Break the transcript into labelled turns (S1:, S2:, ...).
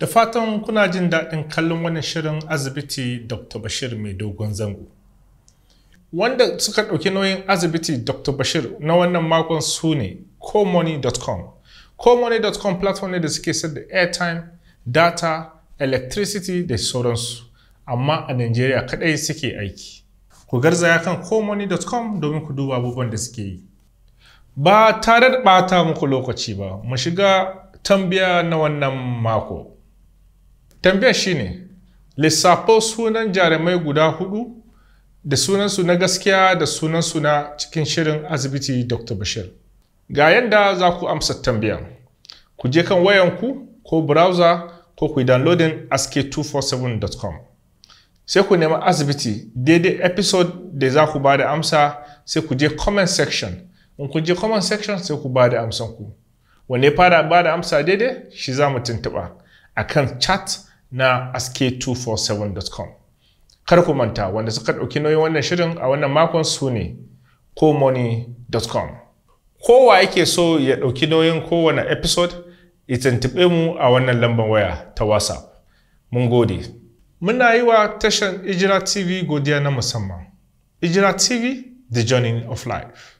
S1: Da fatan kuna jin daɗin kallon wannan shirin asibiti Dr. Bashir mai dogon zango. Wanda suka ɗauki nauyin asibiti Dr. Bashir na wannan makon su ne comoney.com. comoney.com platform ne da suke sayar da airtime, data, electricity da sauransu, amma a Najeriya kaɗai suke aiki. Ku garzaya kan comoney.com domin ku duba abubuwan da suke yi. Ba tare da ɓata muku lokaci ba, mu shiga tambaya na wannan mako. tambayar shine lissafo sunan jarumai guda hudu da sunansu na gaskiya da sunansu na cikin shirin asibiti dr bashir ga yadda za ku amsa tambaya ku je kan wayanku ko browser ko ku yi downloading sk247.com sai ku nemi asibiti daidai episode da za ku ba da amsa sai ku je comment section in ku je comment section sai ku ba da amsanku wanne fara ba da amsa daidai shi za mu tuntuɓa a kan chat na sk247.com kar ku manta wanda suka ɗauki nauyin wannan shirin a wannan makon su ne komoni.com kowa yake so ya ɗauki nauyin kowane episode ya tuntuɓe mu a wannan lambar waya ta whatsapp mun gode muna yi wa tashar ijira tv godiya na musamman ijira tv the journey of life